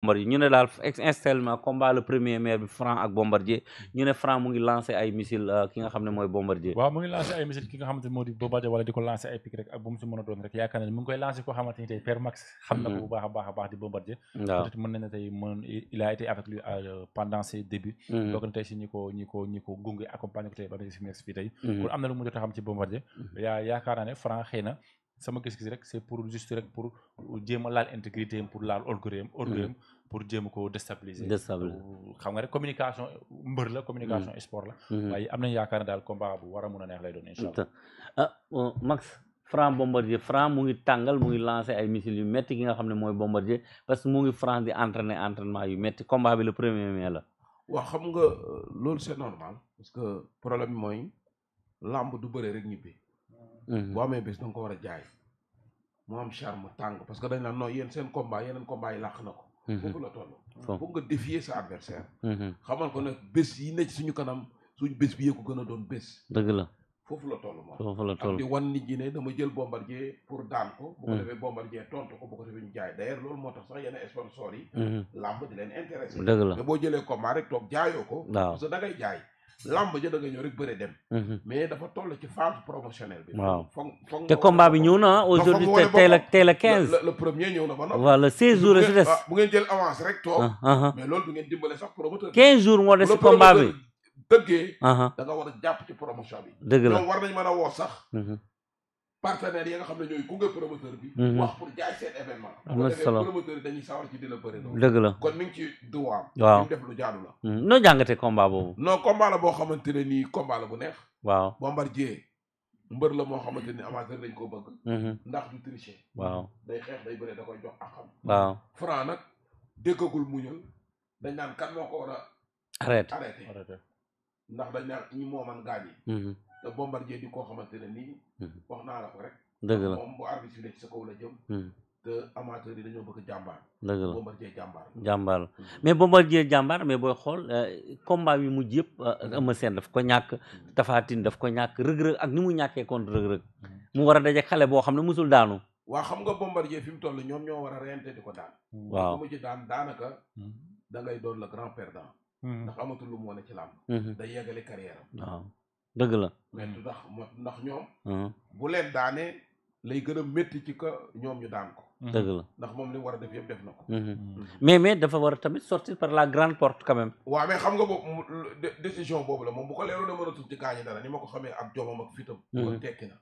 bombardier ñu ne daal instellement combat le premier maire bi Franc ak bombardier ñu ne Franc mu ngi lancé ay missile euh, ki nga xam ne mooy bombardier waaw mu ngi lancé ay missile ki nga xamante ne moo bombardier wala di lancé ay pic rek ak bu mu si mën a doon rek yaakaar nañ mu ngi koy lancé koo xamante tey Père Max xam na ko mm-hmm. a baax a baax di bombardier waaw peut ne euh, mm-hmm. tey si ñi ko ko ñi ko gunge accompagné ko tey ba mu si nekk fii tey mm-hmm. kon am na lu mu a xam ci bombardier yaakaar naa ne Franc xëy na sama gis-gis rek c'est pour juste rek pour jéem a laal intégrité pour laal orgueil orgueil mm-hmm. pour jéem ko déstabiliser. déstabiliser xam nga rek communication mbër la. communication mm-hmm. sport la. Mm-hmm. waaye am nañ yaakaar ne daal combat bu war a mun a neex lay doon incha allah. ah Max Franc Bombardier Franc mu ngi tàngal mu ngi lancé ay missiles yu métti ki nga xam ne mooy Bombardier parce que mu ngi France di entraîner entraînement yu métti combat bi le premier mai la. waaw xam nga euh, loolu c'est normal parce que problème mooy lamb du bëre rek ñibbi. Mm-hmm. boo amee bés da ko war a jaay mu am charme tàng parce que dañ naan non yéen seen combat yeneen combat yi làq na ko mm-hmm. foofu la toll foog nga défier sa adversaire mm-hmm. xamal ko ne bés yi nekk suñu kanam suñ bés bi yëeku gën a doon bés dëgg la foofu la toll moom foofu la toll di wan nit ñi ne dama jël bombardier pour daan ko bu ko mm. defee bombardier tontu ko bu ko defee ñu jaay d'ailleurs loolu moo tax sax yenn sponsors yi làmb di leen intéressé dëgg la mais boo jëlee combat rek toog jaayoo ko parce que da jaay lamb ja da nga ñëw bëre dem. Mhm. mais dafa toll ci phase promotionnelle bi. waaw te combat bi ñëw na aujourd'hui tey la quinze. le premier ñëw na ba noppi. waaw le seize jours si des. bu ngeen jël avance rek toog. Ah, ah, ah. mais loolu du ngeen dimbale quinze jours moo des si combat bi. dëggee. da nga war a jàpp ci promotion bi. dëgg la war nañ mën a woo partenaires yi nga xam ne ñooy gunge promoteur bi. Mhm. wax pour jaay seen événement. am na promoteur dañuy sawar ci di la bëri loolu. dëgg la kon mi ngi ci duwaam. lu jaadu la. Mhm. noo jàngatee komba boobu. non combat la boo xamante ne nii combat la bu neex. waaw Bombardier mbër la moo xamante ni amateur dañ koo bëgg. Mhm. ndax du tricher. waaw day xeex day bëre da koy jox ak xam. dañ naan kan moo ko war a. arrêté ndax dañ naan ñi moo man gaañ te bombardier di koo xamante ne nii. Mhm. wax naa la ko rek. dëgg la moom sa kaw la jëm. Mhm. te dañoo bëgg jàmbaar. dëgg la bombardier jàmbaar. jàmbaar mhm. mais bombardier jàmbaar mais booy xool euh, combat yu mujj yëpp euh, Eumeu Sène daf ko ñàkk tafaatin Tine daf ko ñàkk rëg-rëg ak ni mu ñàkkee contre rëg-rëg mu war a daje xale boo xam ne musul daanu. waa xam nga bombardier fi mu toll ñoom ñoo war a reyante di ko daan. waaw mu mujj daan daanaka. da ngay doon le grand perdant. ndax amatul lu mu ci làmb. day yeggale carrière dëgg la métti ndax ndax ñoom bu leen daanee lay gën a métti ci ko ñoom ñu daan ko dëgg la ndax moom li war def yëpp def na ko mais mais dafa war a tamit sortir par la grande porte quand même waaw mais xam nga boobu décision boobu la moom bu ko leeru na mën a tuuti gaañi dara ni ma ko xamee ak jomam ak fitam kon tekki na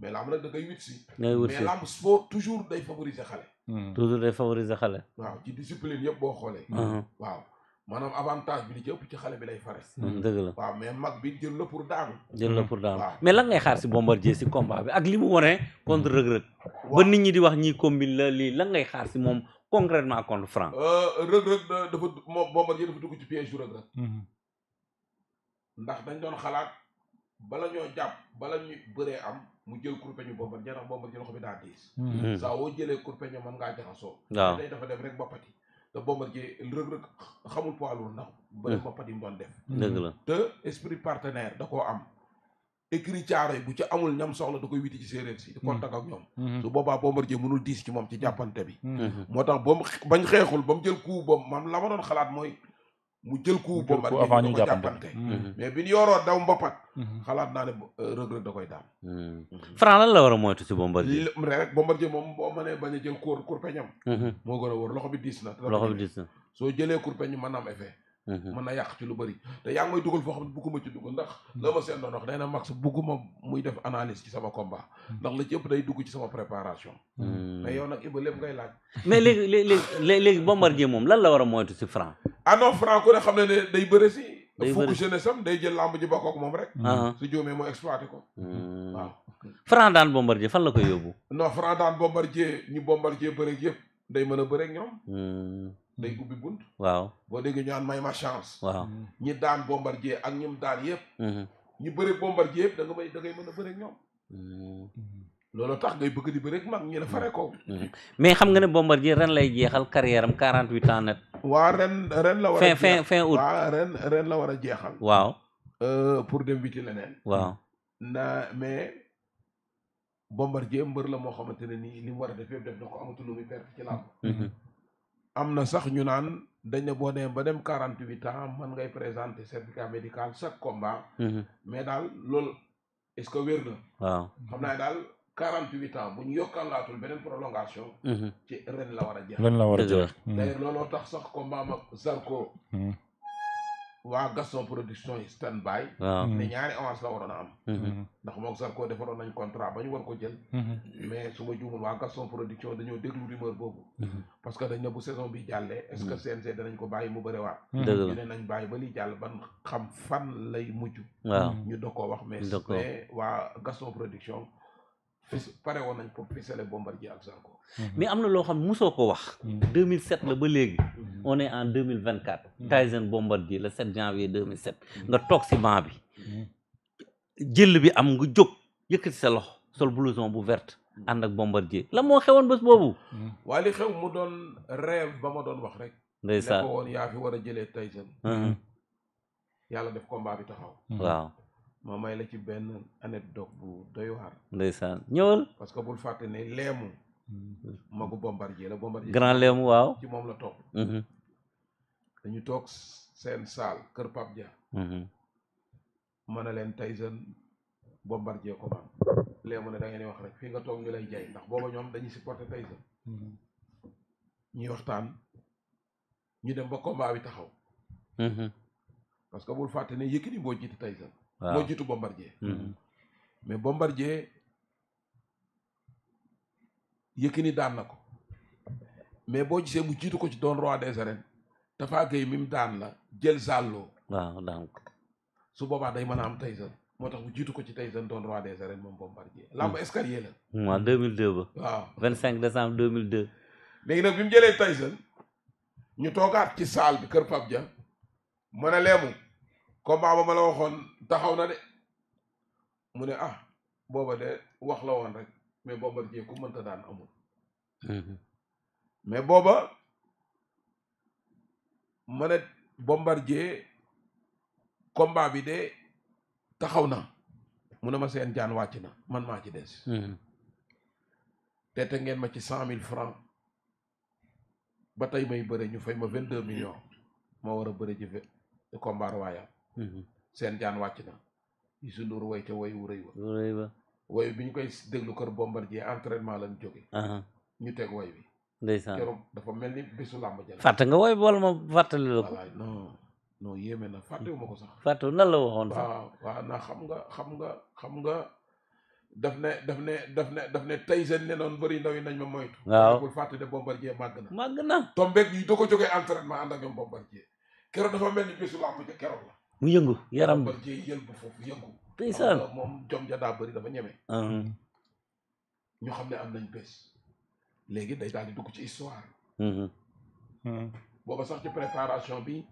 mais lamb nag da ngay wut si mais lamb sport toujours day favoriser xale toujours day favoriser xale waaw ci discipline yëpp boo xoolee waaw maanaam avantage bi li ci ëpp xale bi lay fares mm, dëgg la waaw mais mag bi jël la pour daanu jël la pour daanu mais lan ngay xaar si Bombardier si combat bi ak li mu wone contre Reug Reug ba nit ñi di wax ñi combine la lii lan ngay xaar si moom concrètement contre Franc euh, Reug Reug euh, dafa moom Bombardier dafa dugg ci piège Reug mm-hmm. ndax dañ doon xalaat bala ñoo jàpp bala ñu bëree am mu jël kurpeñu Bombardier ndax Bombardier loxo bi daa diis mm-hmm. saa woo jëlee kurpeñu mën ngaa jaxasoo waaw day dafa dem rek boppati te Bombardier Reug Reug xamul poids lourd ndax ba mbappat mm. yi mu doon def dëgg la te esprit partenaire da koo am écrit caaro bu ci amul ñam soxla da koy witi ci séeréer si di mm. contact ak ñoom mm-hmm. su boobaa Bombardier mënul diis ci moom ci jàppante bi mm-hmm. Mm-hmm. moo tax ba bañ xeexul ba mu jël coup ba man la ma doon xalaat mooy mu jël ko bombat avant ñu jàppante mm-hmm. Mm-hmm. mais bi ñu yoroo daw mbapat mm-hmm. xalaat naa ne euh, rëg-rëg da koy daal Franc war a moytu si Bombardier rek Bombardier moom boo mënee bañ a jël kóor kurpeñam moo gën a loxo bi diis na loxo bi diis na soo jëlee kurpeñ mën na am effet mën na lu bëri te yaa ngi dugal foo xam ne bugguma ci ndax la ma seen doon wax nee na max bugguma muy def analyse ci sama combat ndax la ci day dugg ci sama préparation mais yow nag Iba lépp ngay laaj mais léegi léegi léegi Bombardier moom lan la war a moytu si Franc ah non franc ku ne xam ne ne day bëre si. day bëre day jël lamb ji bokk ak moom rek. Uh-huh. su jóomee mu exploité ko. Hmm. waaw. franc daan bombardier fan la koy yóbbu. non franc daan bombardier ñu bombardier bëreeg yëpp day mën a bëreeg ñoom. Hmm. day ubbi bunt. waaw boo déggee ñu may ma chance. ñi daan bombardier ak ñoom daan yëpp. Hmm. ñi bëreeg bombardier yëpp da nga da ngay mën a bëreeg ñoom. tax ngay bëgg di bëreeg mag ñi la fare ko. mais xam nga ne bombardier ren lay jeexal carrière am 48 ans net. waa ren ren la war a. fin fin août waaw ren la war a jeexal. waaw. Euh, pour dem witi leneen. waaw. na mais. Bombardier mbër la moo xamante ne nii li mu war a def yëpp def na ko amatul lu muy perte ci làmb. Mhm. am na sax ñu naan dañ ne boo demee ba dem quarante huit ans man ngay présenter certificat médical chaque ba mhm. mais daal loolu est ce que wér waaw xam naa daal. quarante huit ans bu ñu yokkalaatul beneen prolongation. Mhm. ci ren la war a jeex. ren la war a jeex. Mhm. d'ailleurs looloo tax sax combat mag Zarko. Mhm. waa Gaston production yi stand by. waaw ne ñaari avance la waroon a am. ndax moom Zarko defaroon nañ contrat ba ñu war ko jël. mais su ma juumul waa Gaston production dañoo déglu rumeur boobu. que dañ bi jàllee. est ko bàyyi mu bëriwaat. dëgg ñu ne nañ bàyyi ba li jàll ban xam fan lay mujj. waaw ñu doog koo wax mais. mais waa Gaston production. fis pare woon nañ pour fisale Bombardier ak Zarko mhm. mais am na loo xam ne musoo ko wax 2007 mhm. la ba léegi mhm. on est en 2024 Tyson Bombardier le 7 janvier 2007 nga toog si banc bi jël bi am nga jóg yëkkati sa lox sol blouson bu verte ànd ak Bombardier la moo xewoon bés boobu waaye li xew mu doon rêve ba ma doon wax rek ndeysaan ne ko woon yaa fi war a yàlla def combat bi taxaw moo may la ci benn anecdote bu doy waar. ndeysaan ñëwal. parce que bul fàtte ne leemu. Mm-hmm. magu bombardier la bombardier. grand leemu waaw. ci moom la toog. Mm-hmm. dañu toog seen saal kër Pape Dia. Mm-hmm. ma ne leen Tyson bombardier ko man leemu ne da ngeen wax rek fii nga toog ñu lay jaay ndax booba ñoom dañuy supporter Tyson. ñuy waxtaan ñu dem ba combat bi taxaw. parce que bul fàtte ne Yékini boo jiite Tyson. waaw moo jiitu Bombardier. Mm-hmm. mais Bombardier Yékini daan na ko mais boo gisee mu jiitu ko ci doon roi des arènes Tapha Gueye mi mu daan la jël sàlloo. waaw donc su boobaa day mën a am Tyson moo tax mu jiitu ko ci Tyson doon roi des arènes moom Bombardier. lamb mm. escalier la. Mm, waaw 2002 ba. waaw 25 décembre 2002. léegi nag bi mu jëlee Tyson ñu toogaat ci salle bi Kër Pape Dia mën leemu. combat ba ma la waxoon taxaw na de mu ne ah booba de wax la woon rek mais Bombardier ku mënta daan amul mhm. mais booba ma ne Bombardier combat bi de taxaw na mu ne ma seen jaan wàcc na man maa ci des mhm. teete ngeen ma ci cent mille francs ba tey may bëre ñu fay ma vingt deux millions ma war a bëre ji combat royal Mm-hmm. seen jaan wàcc na Youssou Ndour woy ca woy wu rëy wa woy bi ñu koy déglu kër Bombardier entraînement lañ jóge ñu teg woy bi ndeysaan dafa mel ni bésu làmb jël fàtte nga woy bool ma fàttali la ko na fàttewu ma ko sax nan la waxoon sax na xam nga xam nga xam nga daf ne daf ne daf ne daf ne tey seen ne noonu bëri ndaw yi nañ ma moytu waaw màgg na màgg na tombeeg ko jógee entraînement ànd keroog dafa mel ni bésu làmb ja keroog la mu yëngu yaram bi yëngu foofu yëngu. ndeysaan moom jom ja daa bëri dafa ñeme. ñu xam ne am nañ bés. léegi day daal di dugg ci histoire. Mm-hmm. Hmm. booba sax ci préparation bi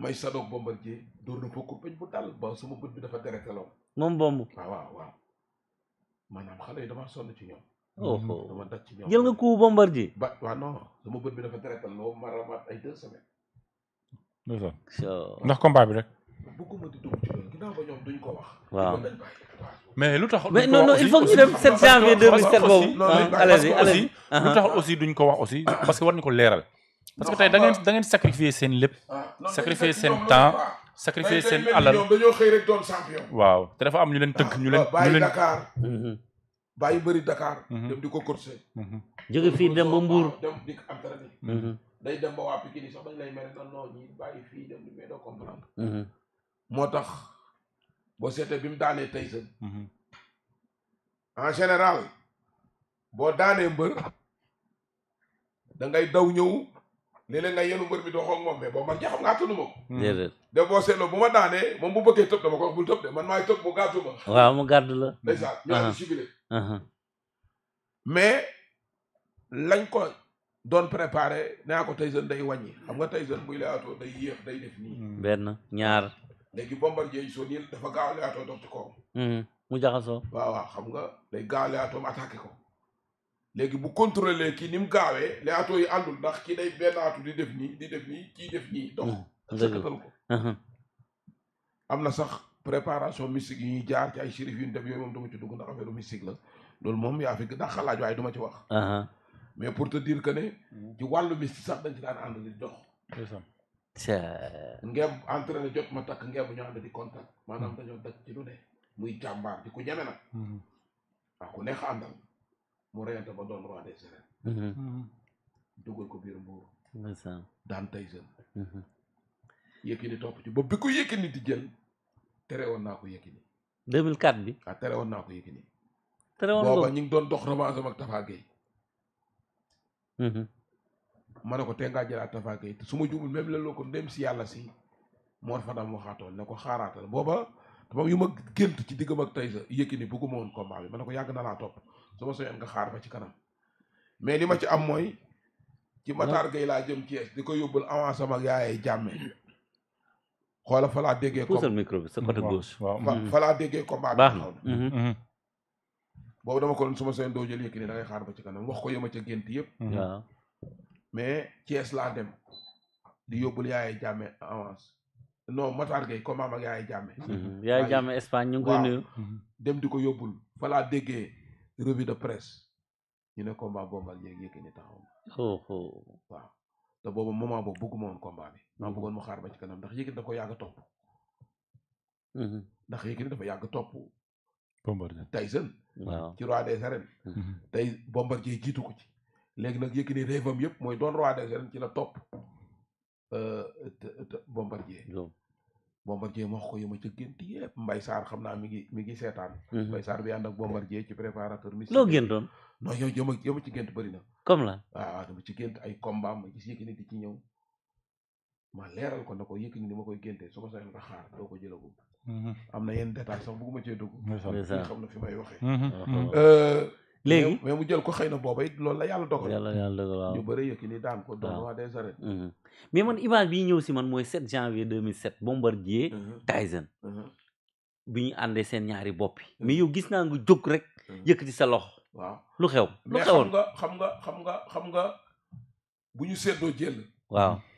may sadoog bombardier dóor na foofu bañ bu dal ba sama bët bi dafa dereteloo. moom bomb. waaw xale yi damaa sonn ci ñoom. ci ñoom jël nga coup bombardier. ba waaw non sama bët bi dafa dereteloo ma ramaat ay deux semaines. ndax combat bi rek. bëgguma di dugg duñ ko wax. waaw mais lu tax. mais non non il faut que ñu dem 7 janvier 2007 boobu. allez ah, allez lu uh-huh. tax aussi duñ ko wax aussi parce que war ñu ko leeral. parce que tey da ngeen da ngeen sacrifier seen lépp. Ah, sacrifier seen temps. sacrifier seen alal dañoo xëy rek doon champion. waaw te dafa am ñu leen tënk ñu leen ah, ñu leen. Dakar. Uh-huh. bëri Dakar. Uh-huh. dem di ko courser. fii dem ba Mbour. dem di entraîner. day dem ba moo tax boo seetee bi mu daanee tey mhm. en général boo daanee mbër dangay daw ñëw léeg-léeg nga yenu mbër mi doxoo ak moom mais boo man ja xam nga àttanuma ko mhm. boo seetloo bu ma daanee moom bu bëggee tëb dama ko wax tëb de man maay tëb mu gàddu ma waaw mu gàddu la ndeysaan ñoo uh-huh. uh-huh. mais lañ ko doon préparé naa ko Tyson day wàññi xam nga Tyson buy lay atoo day yéex day def nii mm. benn ñaar léegi bombardier sonil dafa gaaw leyaatoo dox ci kawam mm-hmm. mu jaxasoo waaw waaw xam nga day gaaw leyaatoom attaqué ko léegi bu contrôlé kii ni mu gaawee leyaatoo yi àndul ndax kii day bennaatu di def nii di def nii kii def nii dox mm-hmm. sëkkatal ko mm-hmm. am na sax préparation mystique yi ñuy jaar ci ay shérif yu ñu def yooyu moom dama ci dugg ndax affaire mystique la loolu moom yaa fi daa xalaaj waaye du ma ci wax uh-huh. mais pour te dire que ne ci wàllu mystique sax dañ ci daan ànd di dox ngeem entraîné jot ma takk ngeem bu ñu ànd di contact maanaam hmm. dañoo daj ci lu muy jàmbaar di ku ñeme nag hmm. ak ku neex mu reyante ba doon roi des arènes hmm. dugal ko biir mbuur daan tey seen Yékini topp ci ba bi ko Yékini di jël tere woon naa ko Yékini 2004 bi ah tere woon naa ko Yékini tere woon booba ñu ngi doon dox revanche am ak Tafa Gueye ma ne ko te ngaa jëlaat Tapha Gueye te su ma jubul même ko ndem si yàlla si Mor Fadam ko xaaraatal booba moom ma gént ci diggam tey sa Yékini bëgguma woon combat bi ma ko yàgg na laa topp su ma xaar ba ci kanam mais li ma ci am mooy ci Matar Gueye laa jëm di ko yóbbul avance sama yaayee jàmme xoola fa laa déggee puusal micro bi sa côté gauche fa laa déggee combat baax mhm. Mhm. Mhm. ko su ma soñoon jël Yékini da xaar ba ci kanam wax ko yëma ca gént yëpp mais ci laa dem di yóbbul yaay jàmme avance non Matar Gueye comme am ak yaay jàmme yaay Espagne ñu ngi koy dem di ko yóbbul fa laa déggee revue de presse ñu ne combat Bombardier Yékini taxaw na oh, oh. waaw te boobu moment boobu bëgguma woon combat bi maa xaar ba ci kanam ndax Yékini dafa ko yàgg topp mhm. ndax Yékini dafa yàgg top Bombardier Tyson ci roi des arènes mhm. tey Bombardier jiitu ko ci léegi nag Yékini rêvam yëpp mooy doon roi des arènes ci la topp euh, Bombardier Bombardier moo ko yëma ci gént yëpp mbay Sarr xam naa mi ngi mi ngi seetaan mhm. Mbaye Sarr bi ànd ak Bombardier ci préparateur mi loo géntoon non yow yëma yëma ci gént bëri na comme la waaw dama ci gént ay combat ma gis Yékini di ci ñëw ma leeral ko na ko Yékini ni ma koy géntee su ma sañoon nga xaar doo ko jëlagum mhm. am na yenn détail sax bëgguma cee dugg xam na fi may waxee mhm. ah, ah. Euh, léegi mais mu jël ko xëy na booba it loolu la yàlla dogal. yàlla yàlla dogal waaw ñu bëri yëkki ni daan ko doon waa des arènes. Mhm. mais man image bi ñëw si man mooy 7 janvier 2007 Bombardier mhm. Tyson. Mhm. bu ñu àndee seen ñaari bopp yi. mais yow gis naa nga jóg rek. yëkkati sa loxo. waaw lu xew lu xewoon mais xam nga xam nga xam nga xam nga bu ñu seetloo jël. waaw.